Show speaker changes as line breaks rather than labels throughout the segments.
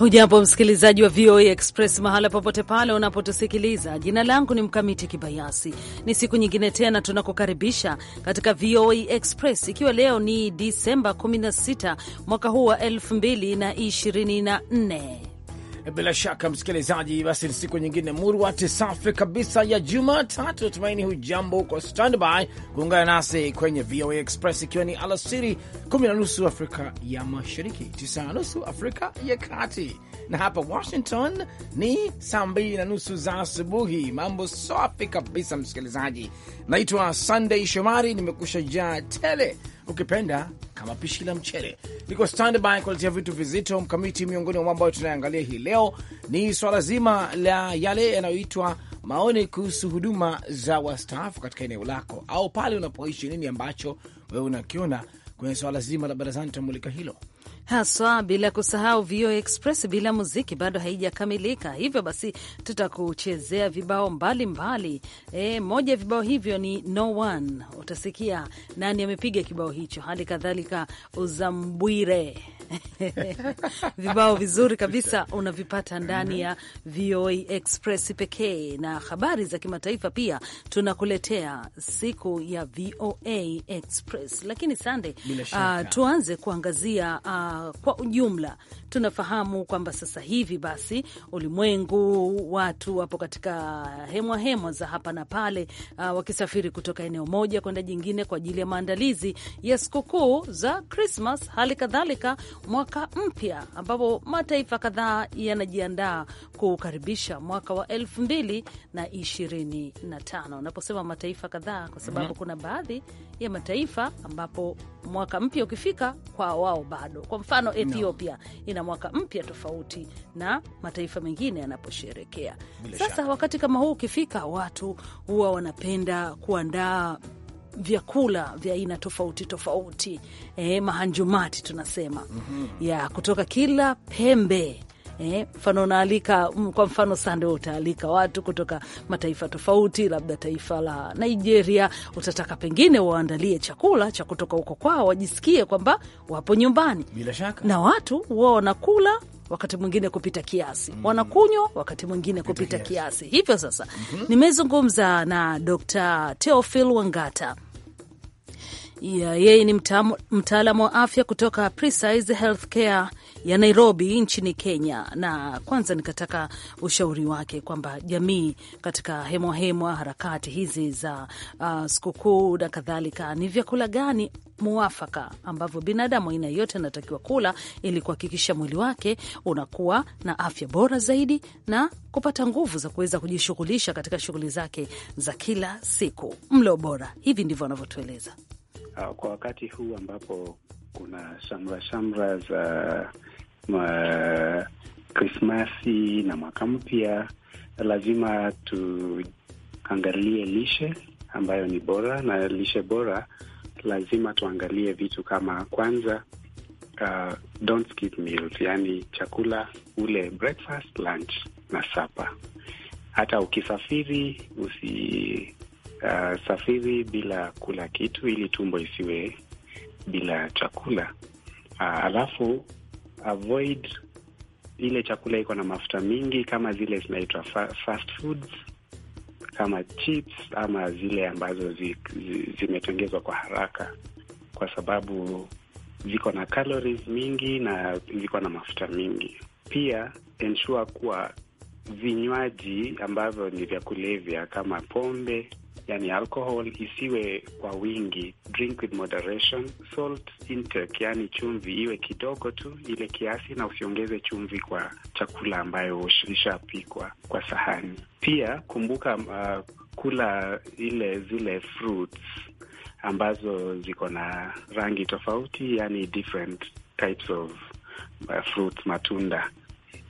Hujambo msikilizaji wa VOA Express mahala popote pale unapotusikiliza. Jina langu ni Mkamiti Kibayasi. Ni siku nyingine tena tunakukaribisha katika VOA Express, ikiwa leo ni Disemba 16 mwaka huu wa 2024.
Eh, bila shaka msikilizaji, basi ni siku nyingine murwati safi kabisa ya Jumatatu. Natumaini hujambo huko standby kuungana nasi kwenye VOA Express, ikiwa ni alasiri kumi na nusu Afrika ya Mashariki, tisa na nusu Afrika ya Kati, na hapa Washington ni saa mbili na nusu za asubuhi. Mambo safi kabisa msikilizaji, naitwa Sunday Shomari, nimekusha jaa tele ukipenda kama pishi la mchele. Niko standby kuletea vitu vizito mkamiti. Miongoni mwa mambo ambayo tunayoangalia hii leo ni swala zima la yale yanayoitwa maoni kuhusu huduma za wastaafu katika eneo lako au pale unapoishi. Nini ambacho wewe unakiona kwenye swala zima la
barazani? Tutamulika hilo haswa, bila kusahau VOA Express bila muziki bado haijakamilika. Hivyo basi tutakuchezea vibao mbalimbali mbali. E, moja ya vibao hivyo ni no one, utasikia nani amepiga kibao hicho, hali kadhalika Uzambwire vibao vizuri kabisa unavipata ndani ya VOA Express pekee, na habari za kimataifa pia tunakuletea siku ya VOA Express. Lakini sande, uh, tuanze kuangazia uh, kwa ujumla tunafahamu kwamba sasa hivi basi ulimwengu watu wapo katika hemwa hemwa za hapa na pale, uh, wakisafiri kutoka eneo moja kwenda jingine kwa ajili ya maandalizi ya sikukuu za Krismas, hali kadhalika mwaka mpya, ambapo mataifa kadhaa yanajiandaa kuukaribisha mwaka wa elfu mbili na ishirini na tano. Naposema mataifa kadhaa, kwa sababu mm -hmm. kuna baadhi ya mataifa ambapo mwaka mpya ukifika kwa wao bado, kwa mfano Ethiopia no na mwaka mpya tofauti na mataifa mengine yanaposherekea. Sasa wakati kama huu ukifika, watu huwa wanapenda kuandaa vyakula vya aina tofauti tofauti, eh, mahanjumati tunasema, mm -hmm. ya kutoka kila pembe eh, mfano unaalika mm, kwa mfano sande, utaalika watu kutoka mataifa tofauti, labda taifa la Nigeria, utataka pengine waandalie chakula cha kutoka huko kwao, wajisikie kwamba wapo nyumbani. Bila shaka, na watu wao wanakula wakati mwingine kupita kiasi, mm. wanakunywa wakati mwingine kupita, kupita kiasi. kiasi hivyo sasa, mm -hmm. nimezungumza na Dr. Theophil Wangata Yeah, yeye ni mtaalamu wa afya kutoka Precise Healthcare ya Nairobi nchini Kenya, na kwanza nikataka ushauri wake kwamba jamii katika hemwahemwa, harakati hizi za uh, sikukuu na kadhalika, ni vyakula gani muafaka ambavyo binadamu aina yeyote anatakiwa kula ili kuhakikisha mwili wake unakuwa na afya bora zaidi na kupata nguvu za kuweza kujishughulisha katika shughuli zake za kila siku. Mlo bora, hivi ndivyo anavyotueleza
uh, kwa wakati huu ambapo kuna shamra shamra za uh, Krismasi na mwaka mpya, lazima tuangalie lishe ambayo ni bora, na lishe bora lazima tuangalie vitu kama kwanza, uh, don't skip meals, yani chakula ule breakfast, lunch na supper. Hata ukisafiri usi uh, safiri bila kula kitu ili tumbo isiwe bila chakula uh, alafu avoid ile chakula iko na mafuta mingi kama zile zinaitwa fa fast foods kama chips ama zile ambazo zi, zi, zimetengezwa kwa haraka, kwa sababu ziko na calories mingi na ziko na mafuta mingi. Pia ensure kuwa vinywaji ambavyo ni vya kulevya kama pombe yani alcohol isiwe kwa wingi, drink with moderation. Salt intake, yani chumvi iwe kidogo tu ile kiasi, na usiongeze chumvi kwa chakula ambayo ishapikwa kwa sahani. Pia kumbuka uh, kula ile zile fruits ambazo ziko na rangi tofauti, yani different types of uh, fruits, matunda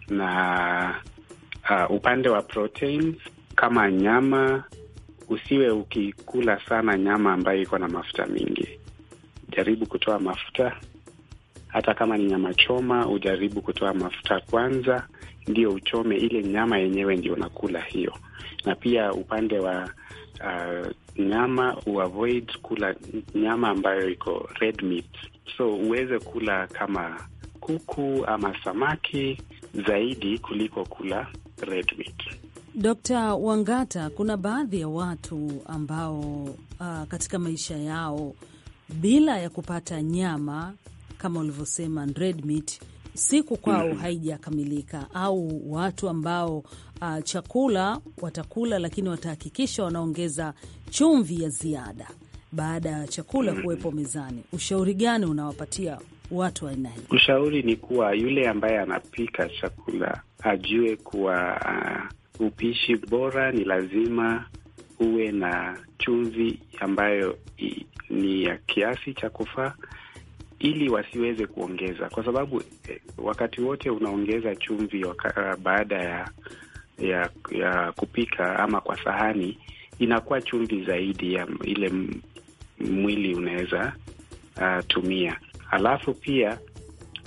na uh, upande wa proteins kama nyama usiwe ukikula sana nyama ambayo iko na mafuta mingi. Jaribu kutoa mafuta, hata kama ni nyama choma, ujaribu kutoa mafuta kwanza, ndio uchome ile nyama yenyewe, ndio unakula hiyo. Na pia upande wa uh, nyama uavoid kula nyama ambayo iko red meat, so uweze kula kama kuku ama samaki zaidi kuliko kula
red meat.
Dr. Wangata, kuna baadhi ya watu ambao uh, katika maisha yao bila ya kupata nyama kama ulivyosema red meat siku kwao haijakamilika, au watu ambao uh, chakula watakula, lakini watahakikisha wanaongeza chumvi ya ziada baada ya chakula kuwepo mezani. Ushauri gani unawapatia watu aina hii?
Ushauri ni kuwa yule ambaye anapika chakula ajue kuwa uh, upishi bora ni lazima uwe na chumvi ambayo i, ni ya kiasi cha kufaa ili wasiweze kuongeza, kwa sababu eh, wakati wote unaongeza chumvi waka, eh, baada ya, ya ya kupika ama kwa sahani inakuwa chumvi zaidi ya ile mwili unaweza uh, tumia. Alafu pia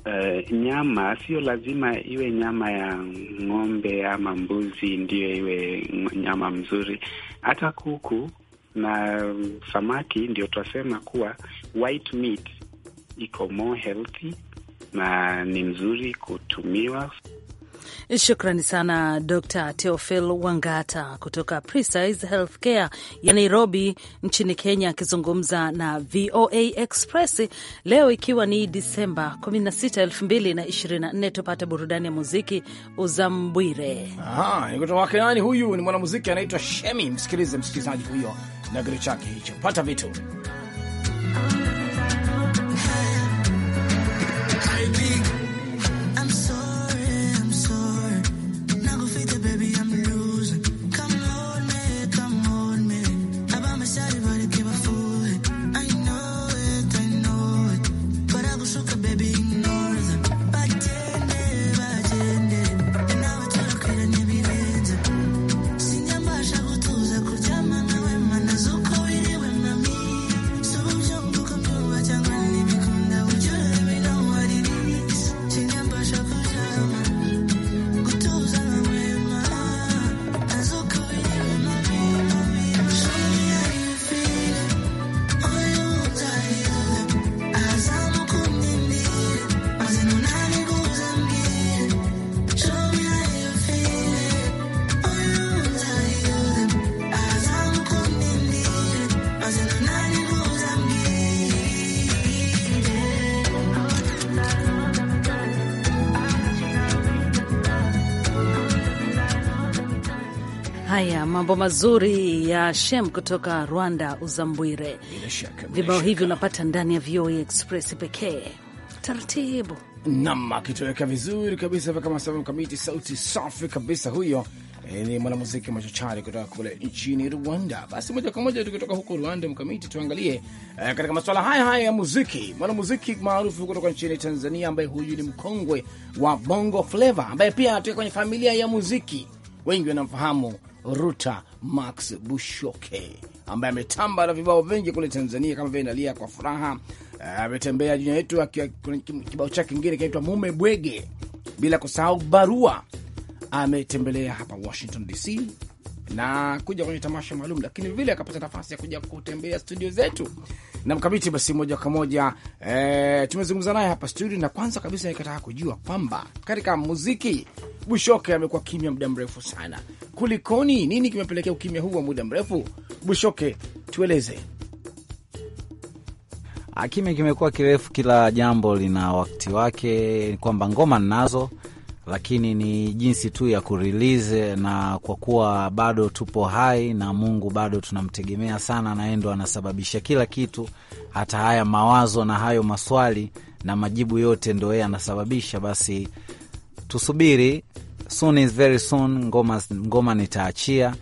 Uh, nyama sio lazima iwe nyama ya ng'ombe ama mbuzi ndiyo iwe nyama mzuri. Hata kuku na samaki ndio twasema kuwa white meat iko more healthy na ni mzuri kutumiwa.
Shukrani sana Dr Teofil Wangata kutoka Precise Healthcare ya Nairobi nchini Kenya, akizungumza na VOA Express leo ikiwa ni Disemba 16, 2024. Tupate burudani ya muziki. Uzambwire
ni kutoka wake nani huyu? Ni mwanamuziki anaitwa Shemi. Msikilize msikilizaji huyo na kitu chake hicho, pata vitu
mambo mazuri ya Shem kutoka Rwanda, Uzambwire. Vibao hivi unapata ndani ya VOA Express pekee. Taratibu
nam akitoweka vizuri kabisa kama sababu mkamiti, sauti safi kabisa. Huyo E, ni mwanamuziki machachari kutoka kule nchini Rwanda. Basi moja kwa moja tukitoka huko Rwanda, mkamiti, tuangalie e, katika masuala haya haya ya muziki, mwanamuziki maarufu kutoka nchini Tanzania ambaye huyu ni mkongwe wa Bongo Flava ambaye pia anatoka kwenye familia ya muziki, wengi wanamfahamu Ruta Max Bushoke ambaye ametamba na vibao vingi kule Tanzania kama vile nalia kwa furaha. Eh, ametembea dunia yetu akiwa kibao chake kingine kinaitwa mume bwege, bila kusahau barua ametembelea hapa Washington DC na kuja kwenye tamasha maalum, lakini vile akapata nafasi ya kuja kutembea studio zetu na mkabiti. Basi moja kwa moja e, tumezungumza naye hapa studio, na kwanza kabisa nikataka kujua kwamba katika muziki Bushoke amekuwa kimya muda mrefu sana, kulikoni? Nini kimepelekea ukimya huu wa muda mrefu? Bushoke, tueleze.
Ah, kimya kimekuwa kirefu, kila jambo lina wakati wake, kwamba ngoma ninazo lakini ni jinsi tu ya kurelease, na kwa kuwa bado tupo hai na Mungu bado tunamtegemea sana, na yeye ndo anasababisha kila kitu, hata haya mawazo na hayo maswali na majibu yote ndo yeye anasababisha. Basi tusubiri, soon is very soon. Ngoma, ngoma nitaachia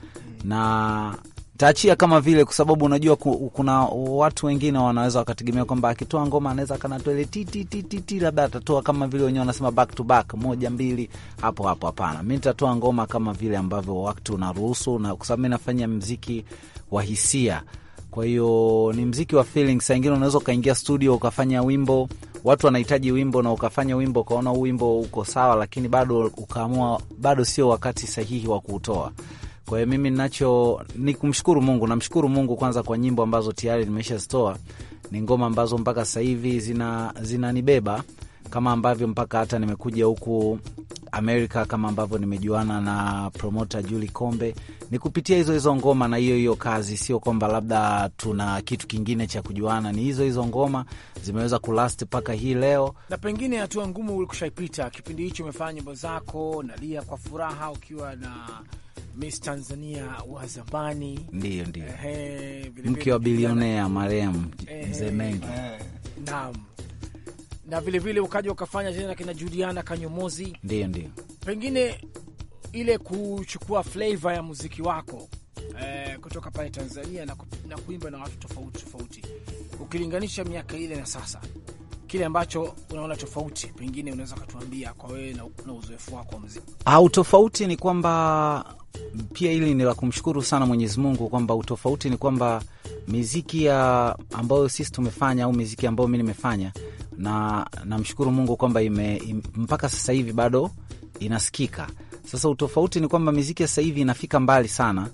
na taachia kama vile, kwa sababu unajua kuna watu wengine wanaweza wakategemea kwamba akitoa ngoma anaweza kanatwele titititi, labda atatoa kama vile wenyewe wanasema back to back, moja mbili hapo hapo. Hapana, mi nitatoa ngoma kama vile ambavyo wakati unaruhusu, na kwa sababu mi nafanya mziki wa hisia kwa hiyo ni mziki wa feeling. Saa ingine unaweza ukaingia studio ukafanya wimbo, watu wanahitaji wimbo, na ukafanya wimbo ukaona huu wimbo uko sawa, lakini bado ukaamua bado sio wakati sahihi wa kuutoa. Kwa hiyo mimi nacho ni kumshukuru Mungu, namshukuru Mungu kwanza kwa nyimbo ambazo tayari nimeshazitoa. Ni ngoma ambazo mpaka sasa hivi zina zinanibeba kama ambavyo mpaka hata nimekuja huku Amerika, kama ambavyo nimejuana na promota Juli Kombe ni kupitia hizo hizo ngoma na hiyo hiyo kazi, sio kwamba labda tuna kitu kingine cha kujuana, ni hizo hizo ngoma zimeweza kulast mpaka hii leo.
Na pengine hatua ngumu ulikushaipita, kipindi hicho umefanya nyimbo zako nalia kwa furaha ukiwa na Miss Tanzania wa zamani,
ndio ndio, mke wa bilionea marehemu
mzee Mengi, naam na vile vile ukaja ukafanya tena kina Juliana Kanyomozi, ndio ndio, pengine ile kuchukua flavor ya muziki wako eh, kutoka pale Tanzania na, ku, na kuimba na watu tofauti tofauti, ukilinganisha miaka ile na sasa, kile ambacho unaona tofauti, pengine unaweza ukatuambia kwa wewe na, na uzoefu wako wa muziki.
Au tofauti ni kwamba pia hili ni la kumshukuru sana Mwenyezi Mungu kwamba utofauti ni kwamba miziki ya ambayo sisi tumefanya au miziki ambayo mi nimefanya, na namshukuru Mungu kwamba ime, mpaka sasa hivi bado inasikika. Sasa utofauti ni kwamba miziki ya sasa hivi inafika mbali sana,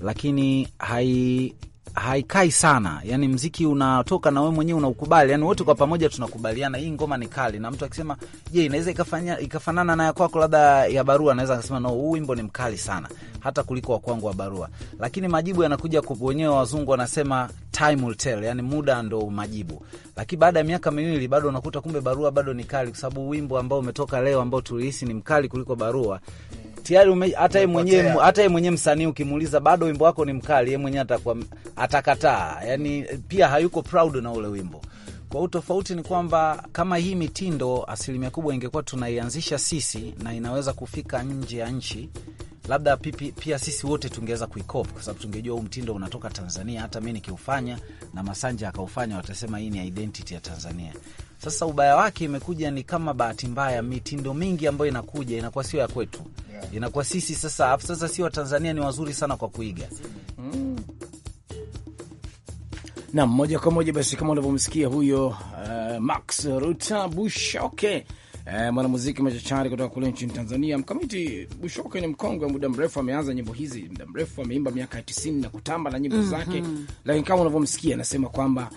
lakini hai haikai sana, yani mziki unatoka na wewe mwenyewe unaukubali, yani wote kwa pamoja tunakubaliana hii ngoma ni kali, na mtu akisema je, inaweza ikafanya ikafanana na ya kwako labda ya barua, anaweza akasema no, huu wimbo ni mkali sana, hata kuliko wa kwangu wa barua. Lakini majibu yanakuja wenyewe, wazungu wanasema time will tell, yani muda ndo majibu. Lakini baada ya miaka miwili bado unakuta kumbe barua bado ni kali, kwa sababu wimbo ambao umetoka leo ambao tulihisi ni mkali kuliko barua tayari hata yeye mwenyewe hata yeye mwenyewe msanii ukimuuliza bado wimbo wako ni mkali, yeye mwenyewe atakuwa atakataa, yani pia hayuko proud na ule wimbo. Kwa utofauti ni kwamba kama hii mitindo asilimia kubwa ingekuwa tunaianzisha sisi na inaweza kufika nje ya nchi labda pipi, pia sisi wote tungeweza kuikopa kwa sababu tungejua huu mtindo unatoka Tanzania. Hata mi nikiufanya na Masanja akaufanya, watasema hii ni identity ya Tanzania. Sasa ubaya wake imekuja ni kama bahati mbaya, mitindo mingi ambayo inakuja inakuwa sio ya kwetu, yeah. Inakuwa sisi sasa, afu sasa si Watanzania ni wazuri sana kwa kuiga mm.
Nam moja kwa moja basi, kama unavyomsikia huyo uh, Max Ruta Bushoke uh, eh, mwanamuziki machachari kutoka kule nchini Tanzania. Mkamiti Bushoke ni mkongwe wa muda mrefu, ameanza nyimbo hizi muda mrefu, ameimba miaka ya tisini na kutamba na nyimbo mm -hmm. zake, lakini kama unavyomsikia anasema kwamba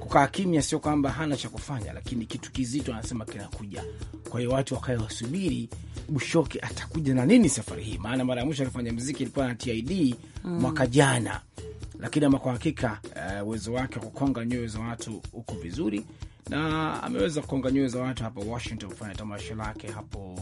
kukaa kimya sio kwamba hana cha kufanya, lakini kitu kizito anasema kinakuja. Kwa hiyo watu wasubiri Bushoke atakuja na nini safari hii, maana mara ya mwisho alifanya mziki ilikuwa na TID mm, mwaka jana, lakini ama kwa hakika eh, uwezo uh, wake wa kukonga nyoyo za watu uko vizuri, na ameweza kukonga nyoyo za watu hapa Washington kufanya tamasha lake hapo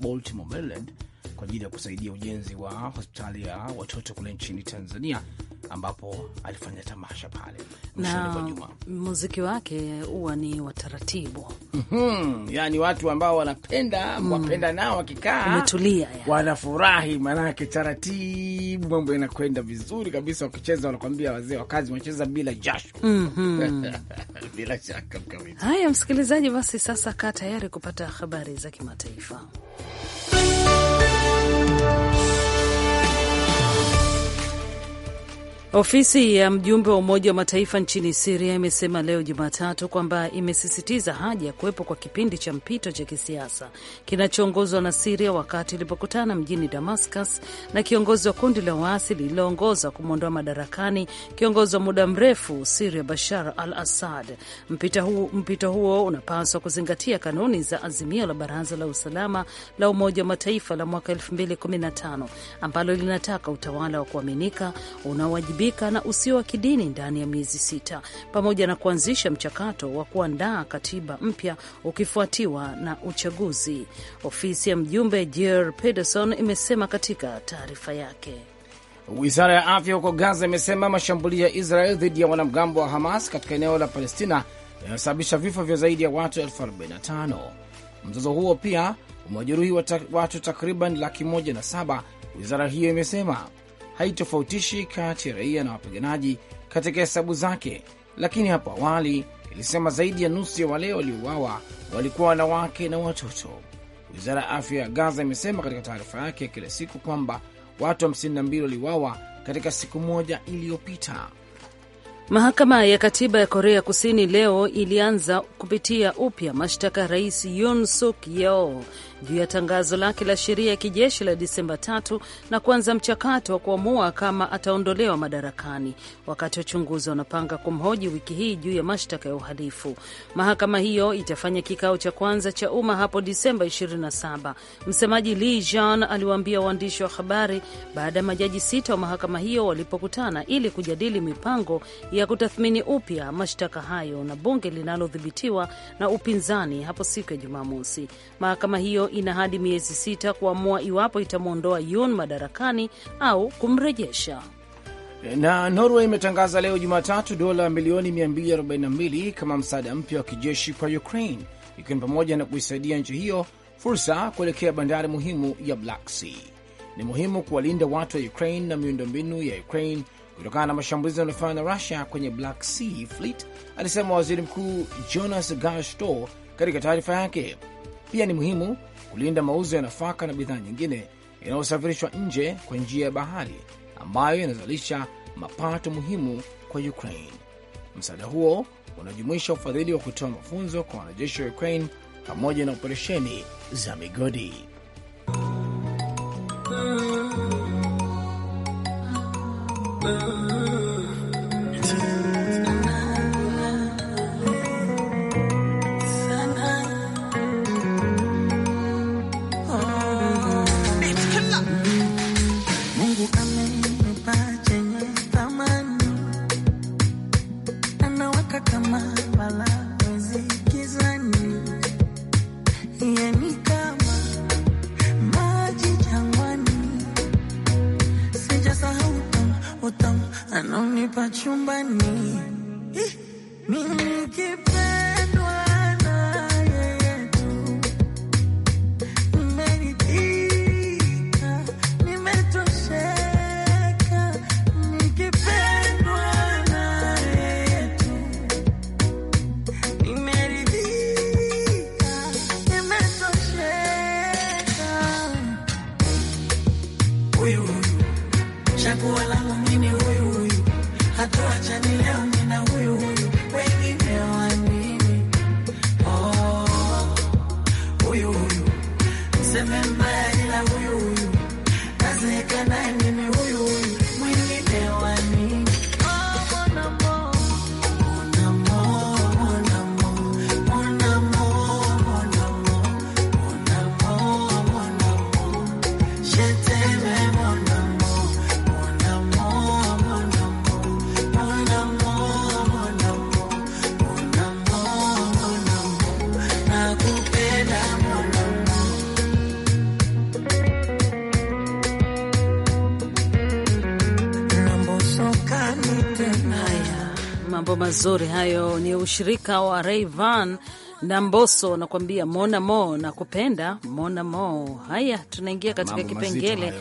Baltimore, Maryland kwa ajili ya kusaidia ujenzi wa hospitali ya watoto kule nchini Tanzania ambapo alifanya tamasha pale
na Muziki wake huwa ni wa taratibu
mm -hmm. Yani watu ambao wanapenda mm. wapenda nao wakikaa wanafurahi, maanake taratibu mambo yanakwenda vizuri kabisa. Wakicheza wanakwambia wazee wa kazi wanacheza bila jasho mm -hmm. bila shaka.
Haya msikilizaji, basi sasa kaa tayari kupata habari za kimataifa. Ofisi ya mjumbe wa Umoja wa Mataifa nchini Siria imesema leo Jumatatu kwamba imesisitiza haja ya kuwepo kwa kipindi cha mpito cha kisiasa kinachoongozwa na Siria wakati ilipokutana mjini Damascus na kiongozi wa kundi la waasi lililoongoza kumwondoa madarakani kiongozi wa muda mrefu Siria Bashar al Assad. Mpito huo, mpito huo unapaswa kuzingatia kanuni za azimio la Baraza la Usalama la Umoja wa Mataifa la mwaka 2015 ambalo linataka utawala wa kuaminika unaowajibika unaotambulika na usio wa kidini ndani ya miezi sita, pamoja na kuanzisha mchakato wa kuandaa katiba mpya ukifuatiwa na uchaguzi. Ofisi ya mjumbe Geir Pederson imesema katika taarifa yake.
Wizara ya afya huko Gaza imesema mashambulio ya Israel dhidi ya wanamgambo wa Hamas katika eneo la Palestina yanasababisha vifo vya zaidi ya watu elfu 45. Mzozo huo pia umewajeruhi watu takriban laki moja na saba, wizara hiyo imesema haitofautishi kati ya raia na wapiganaji katika hesabu zake, lakini hapo awali ilisema zaidi ya nusu ya wale waliouawa walikuwa wanawake na watoto. Wizara ya afya ya Gaza imesema katika taarifa yake ya kila siku kwamba watu 52 waliuawa katika siku moja iliyopita.
Mahakama ya Katiba ya Korea Kusini leo ilianza kupitia upya mashtaka ya Rais Yoon Suk Yeol juu ya tangazo lake la sheria ya kijeshi la Disemba tatu na kuanza mchakato wa kuamua kama ataondolewa madarakani, wakati wachunguzi wanapanga kumhoji wiki hii juu ya mashtaka ya uhalifu. Mahakama hiyo itafanya kikao cha kwanza cha umma hapo Disemba 27. Msemaji Lee Jean aliwaambia waandishi wa habari baada ya majaji sita wa mahakama hiyo walipokutana ili kujadili mipango ya kutathmini upya mashtaka hayo na bunge linalodhibitiwa na upinzani hapo siku ya Jumamosi. Mahakama hiyo ina hadi miezi sita kuamua iwapo itamwondoa Yun madarakani au kumrejesha.
Na Norway imetangaza leo Jumatatu dola milioni 242 kama msaada mpya wa kijeshi kwa Ukraine, ikiwa ni pamoja na kuisaidia nchi hiyo fursa kuelekea bandari muhimu ya Black Sea. Ni muhimu kuwalinda watu wa Ukraine na miundombinu ya Ukraine kutokana na mashambulizi yanayofanywa na Rusia kwenye Black Sea Fleet, alisema waziri mkuu Jonas Gahr katika taarifa yake. Pia ni muhimu kulinda mauzo ya nafaka na bidhaa nyingine yanayosafirishwa nje kwa njia ya bahari ambayo inazalisha mapato muhimu kwa Ukraine. Msaada huo unajumuisha ufadhili wa kutoa mafunzo kwa wanajeshi wa Ukraine pamoja na operesheni za migodi. Música hum.
I utang ananipa chumbani mimi
mazuri hayo. Ni ushirika wa Rayvan na Mboso nakuambia mo na kupenda mo. Haya, tunaingia katika kipengele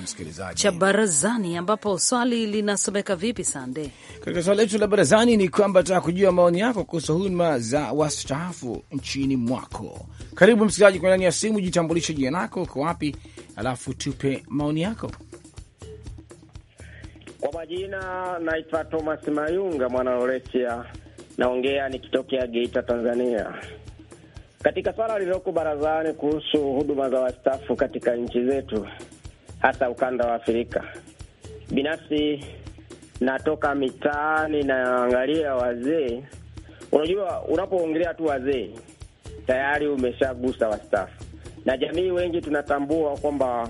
cha barazani, ambapo swali linasomeka vipi? Sande,
katika swali letu la barazani ni kwamba tunataka kujua maoni yako kuhusu huduma za wastaafu nchini mwako. Karibu msikilizaji kwa ndani ya simu, jitambulishe jina lako, uko wapi, alafu tupe maoni yako.
Kwa majina naitwa Thomas Mayunga mwana oresia naongea nikitokea Geita, Tanzania. Katika swala lililoko barazani kuhusu huduma za wastaafu katika nchi zetu, hasa ukanda wa Afrika, binafsi natoka mitaani, naangalia wazee. Unajua, unapoongelea tu wazee tayari umeshagusa wastaafu, na jamii wengi tunatambua kwamba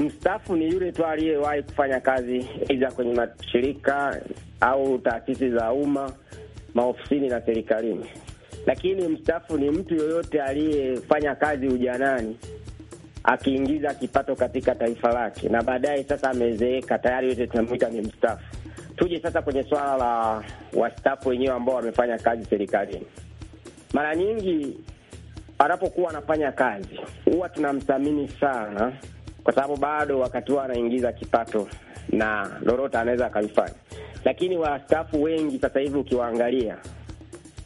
Mstaafu ni yule tu aliyewahi kufanya kazi iza kwenye mashirika au taasisi za umma, maofisini na serikalini. Lakini mstaafu ni mtu yoyote aliyefanya kazi ujanani akiingiza kipato katika taifa lake na baadaye sasa amezeeka tayari, yote tunamwita ni mstaafu. Tuje sasa kwenye swala la wastaafu wenyewe ambao wamefanya kazi serikalini. Mara nyingi anapokuwa anafanya kazi, huwa tunamthamini sana kwa sababu bado wakati huo anaingiza kipato na lorota anaweza akalifanya. Lakini wastaafu wengi sasa hivi ukiwaangalia,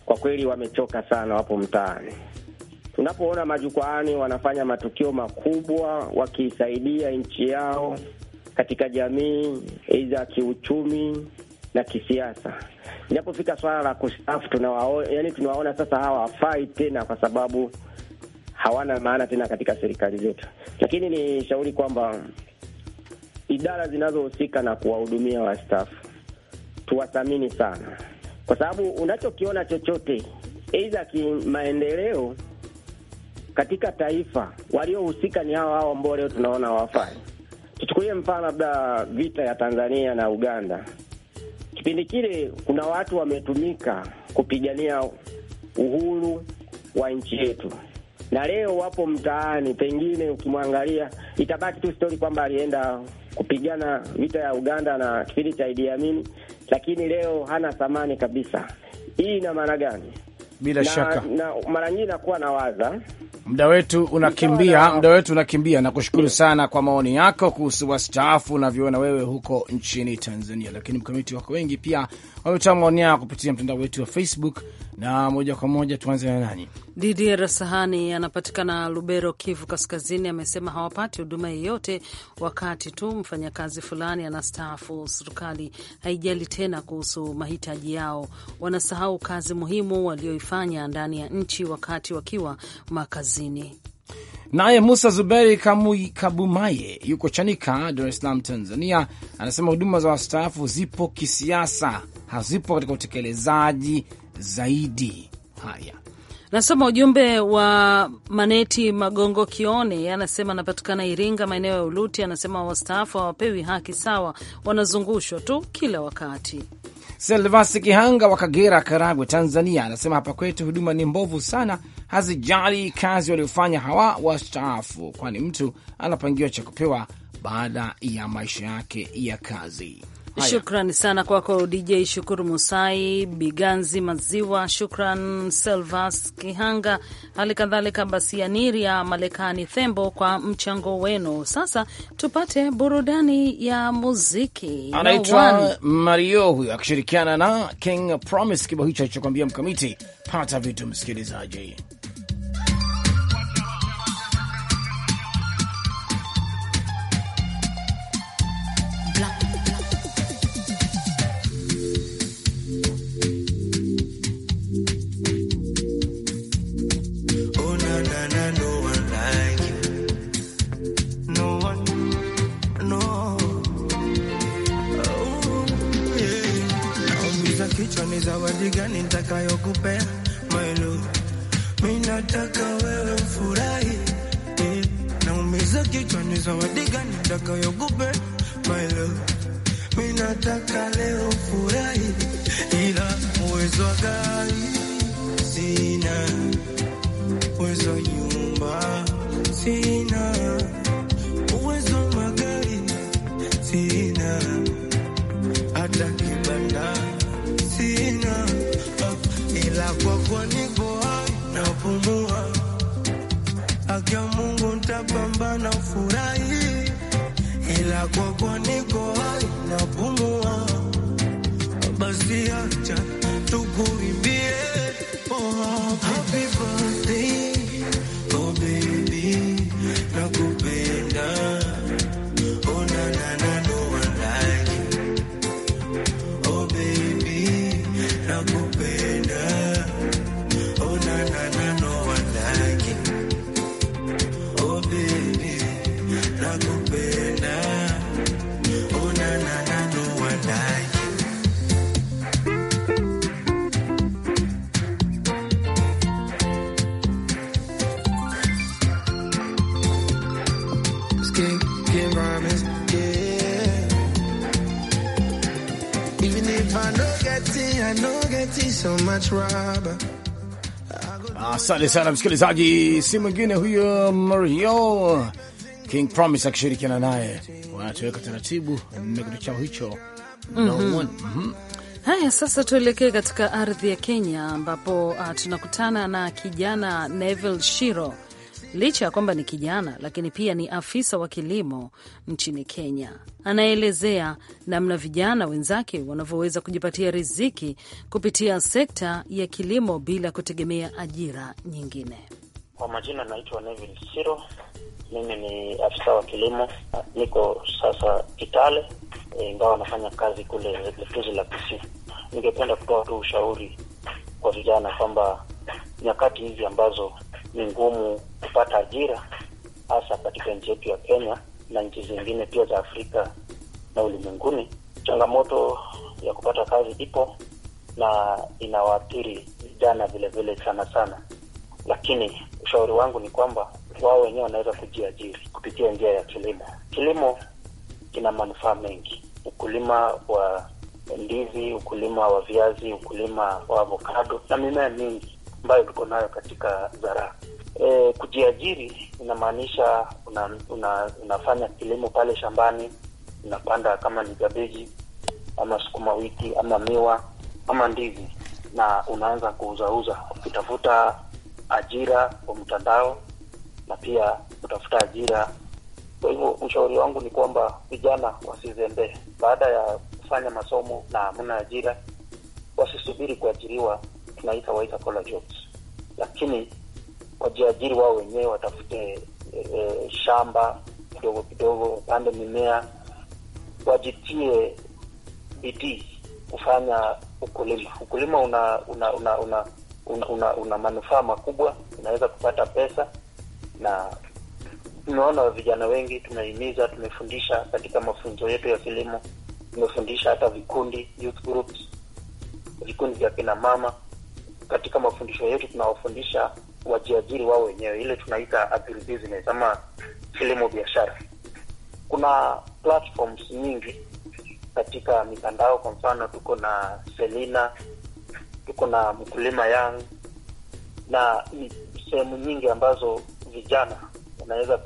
kwa kweli wamechoka sana, wapo mtaani. Tunapoona majukwaani wanafanya matukio makubwa wakiisaidia nchi yao katika jamii, aidha kiuchumi na kisiasa. Inapofika swala la kustaafu, tunawaona yani, tunawaona sasa hawafai tena, kwa sababu hawana maana tena katika serikali zetu. Lakini ni shauri kwamba idara zinazohusika na kuwahudumia wastaafu tuwathamini sana, kwa sababu unachokiona chochote aidha kimaendeleo katika taifa, waliohusika ni hao hao ambao leo tunaona hawafai. Tuchukulie mfano labda vita ya Tanzania na Uganda. Kipindi kile kuna watu wametumika kupigania uhuru wa nchi yetu, na leo wapo mtaani, pengine ukimwangalia itabaki tu stori kwamba alienda kupigana vita ya Uganda na kipindi cha Idi Amin, lakini leo hana thamani kabisa. Hii ina maana gani? Bila na, shaka na mara nyingi nakuwa nawaza
Mda wetu unakimbia, mda wetu unakimbia. Nakushukuru sana kwa maoni yako kuhusu wastaafu unavyoona wewe huko nchini Tanzania. Lakini mkamiti wako wengi pia wametoa maoni yao kupitia mtandao wetu wa Facebook na moja kwa moja tuanze na nani?
Didier Sahani anapatikana Lubero, Kivu Kaskazini, amesema hawapati huduma yeyote wakati tu mfanyakazi fulani anastaafu, serikali haijali tena kuhusu mahitaji yao. Wanasahau kazi muhimu walioifanya ndani ya nchi wakati wakiwa makazi Kaskazini.
Naye Musa Zuberi Kamui Kabumaye yuko Chanika, Dar es Salaam, Tanzania, anasema huduma za wastaafu zipo kisiasa, hazipo katika utekelezaji zaidi. Haya,
nasoma ujumbe wa Maneti Magongo Kione, anasema anapatikana Iringa, maeneo ya Uluti. Anasema wastaafu hawapewi haki sawa, wanazungushwa tu kila wakati.
Selvasi Kihanga wa Kagera, Karagwe, Tanzania, anasema hapa kwetu huduma ni mbovu sana, hazijali kazi waliofanya hawa wastaafu, kwani mtu anapangiwa cha kupewa baada ya maisha yake ya kazi.
Shukran sana kwako DJ Shukuru Musai, Biganzi Maziwa, shukran Selvas Kihanga, hali kadhalika Basianiri ya Malekani Thembo kwa mchango wenu. Sasa tupate burudani ya muziki. Anaitwa
Mario huyo akishirikiana na King Promise, kibao hicho alichokwambia Mkamiti. Pata vitu msikilizaji. Asante sana msikilizaji, si mwingine huyo Mario King Promise akishirikiana naye, wanatuweka taratibu na kitu chao hicho. Mhm. Mhm.
Haya, sasa tuelekee katika ardhi ya Kenya ambapo uh, tunakutana na kijana Neville Shiro Licha ya kwamba ni kijana, lakini pia ni afisa wa kilimo nchini Kenya. Anaelezea namna vijana wenzake wanavyoweza kujipatia riziki kupitia sekta ya kilimo bila kutegemea ajira nyingine.
Kwa majina naitwa Neville Siro, mimi ni afisa wa kilimo, niko sasa Kitale eh, ingawa anafanya kazi kule Letuzi eh, la Kisii. Ningependa kutoa tu ushauri kwa vijana kwamba nyakati hizi ambazo ni ngumu kupata ajira hasa katika nchi yetu ya Kenya na nchi zingine pia za Afrika na ulimwenguni. Changamoto ya kupata kazi ipo na inawaathiri vijana vilevile sana sana, lakini ushauri wangu ni kwamba wao wenyewe wanaweza kujiajiri kupitia njia ya kilimo. Kilimo kina manufaa mengi, ukulima wa ndizi, ukulima wa viazi, ukulima wa avokado na mimea mingi ambayo tuko nayo katika zaraa. E, kujiajiri inamaanisha una, una, unafanya kilimo pale shambani, unapanda kama ni gabeji ama sukuma wiki ama miwa ama ndizi, na unaanza kuuzauza ukitafuta ajira kwa mtandao na pia kutafuta ajira. Kwa hivyo ushauri wangu ni kwamba vijana wasizembee baada ya kufanya masomo na hamna ajira, wasisubiri kuajiriwa tunaita white collar jobs, lakini wajiajiri wao wenyewe watafute e, shamba kidogo kidogo, wapande mimea, wajitie bidii kufanya ukulima. Ukulima una una una una, una, una, una manufaa makubwa, unaweza kupata pesa, na tumeona vijana wengi tumehimiza, tumefundisha katika mafunzo yetu ya kilimo, tumefundisha hata vikundi, youth groups, vikundi vya kina mama katika mafundisho yetu tunawafundisha wajiajiri wao wenyewe, ile tunaita agribusiness ama kilimo biashara. Kuna platforms nyingi katika mitandao, kwa mfano tuko na Selina, tuko na Mkulima Young na sehemu nyingi ambazo vijana wanaweza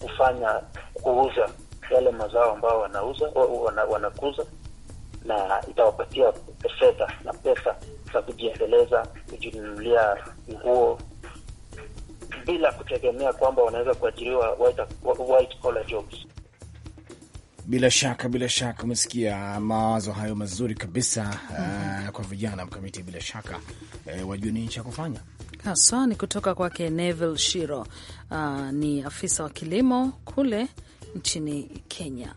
kufanya kuuza yale mazao ambao wanauza wanakuza, na itawapatia fedha na pesa za kujiendeleza, kujinunulia nguo bila kutegemea kwamba wanaweza kuajiriwa white, collar jobs.
Bila shaka bila shaka, umesikia mawazo hayo mazuri kabisa. mm -hmm. Uh, kwa
vijana mkamiti, bila shaka uh, wajue nini cha kufanya haswa. Ni kutoka kwake Neville Shiro. Uh, ni afisa wa kilimo kule nchini Kenya.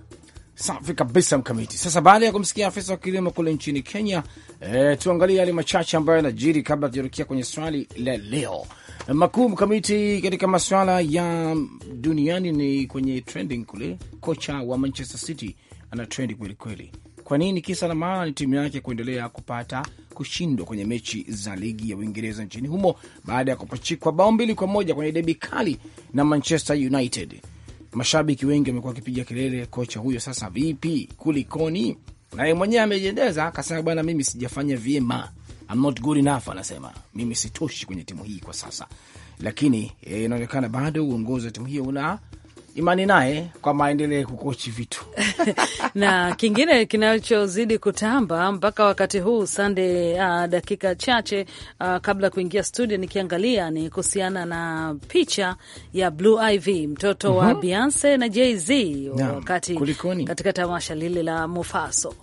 Safi kabisa mkamiti. Sasa baada ya kumsikia afisa wa kilimo kule nchini Kenya, E, tuangalie yale machache ambayo yanajiri kabla tujarukia kwenye swali la leo. Makuu mkamiti katika masuala ya duniani ni kwenye trending kule, kocha wa Manchester City ana trendi kweli kweli. Kwa nini? Kisa na maana ni timu yake kuendelea kupata kushindwa kwenye mechi za ligi ya Uingereza nchini humo baada ya kupachikwa bao mbili kwa moja kwenye debi kali na Manchester United. Mashabiki wengi wamekuwa wakipiga kelele, kocha huyo sasa vipi, kulikoni? naye mwenyewe amejiendeza akasema, bwana, mimi sijafanya vyema, I'm not good enough. Anasema mimi sitoshi kwenye timu hii kwa sasa, lakini eh, inaonekana bado uongozi wa timu hiyo una imani naye kwamba aendelee kukochi vitu
na kingine kinachozidi kutamba mpaka wakati huu Sande. Uh, dakika chache uh, kabla ya kuingia studio, nikiangalia ni kuhusiana na picha ya Blue Ivy mtoto wa mm -hmm. Beyonce na Jay Z wakati katika tamasha lile la Mofaso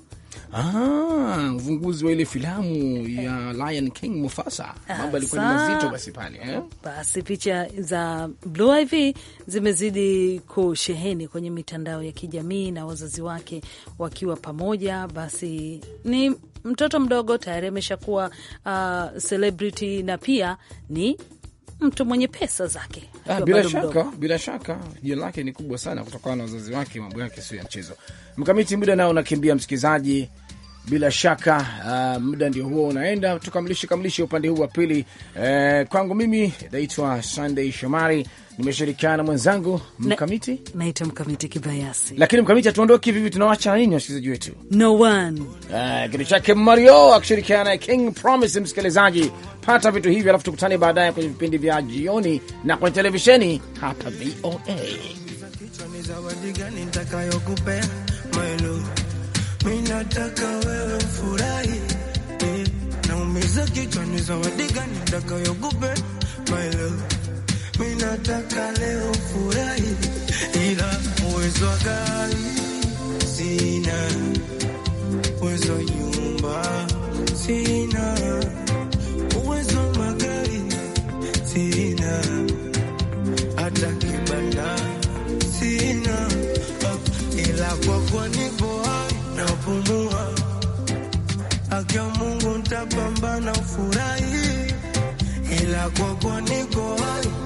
Ah, mvunguzi wa ile filamu eh. ya Lion King Mufasa.
Mambo yalikuwa ni mazito basi pale eh? Basi picha za Blue Ivy zimezidi kusheheni kwenye mitandao ya kijamii na wazazi wake wakiwa pamoja. Basi ni mtoto mdogo tayari ameshakuwa uh, celebrity na pia ni mtu mwenye pesa zake. Ah, bila shaka mdogo.
Bila shaka jina lake ni kubwa sana kutokana na wazazi wake, mambo yake sio ya mchezo. Mkamiti, muda nao unakimbia msikilizaji bila shaka uh, muda ndio huo unaenda, tukamilishe kamilishe upande huu wa pili. Uh, kwangu mimi naitwa Sunday Shomari, nimeshirikiana na mwenzangu Mkamiti,
naitwa Mkamiti Kibayasi. Lakini Mkamiti, hatuondoki vivi,
tunawacha nini wasikilizaji wetu? No one uh, kitu chake Mario akishirikiana na King Promise. Msikilizaji, pata vitu hivyo, alafu tukutane baadaye kwenye vipindi vya jioni na kwenye televisheni hapa VOA
mi nataka wewe ufurahi, eh, naumiza kichwa ni zawadi gani nitakayokupa my love, mi nataka leo ufurahi, ila uwezo wa gari sina, uwezo wa nyumba sina, uwezo wa magari sina, hata kibanda sina, ah, ila kwa kwa nipo nitapumua, akiwa Mungu nitapambana, ufurahi ila kwako niko hai.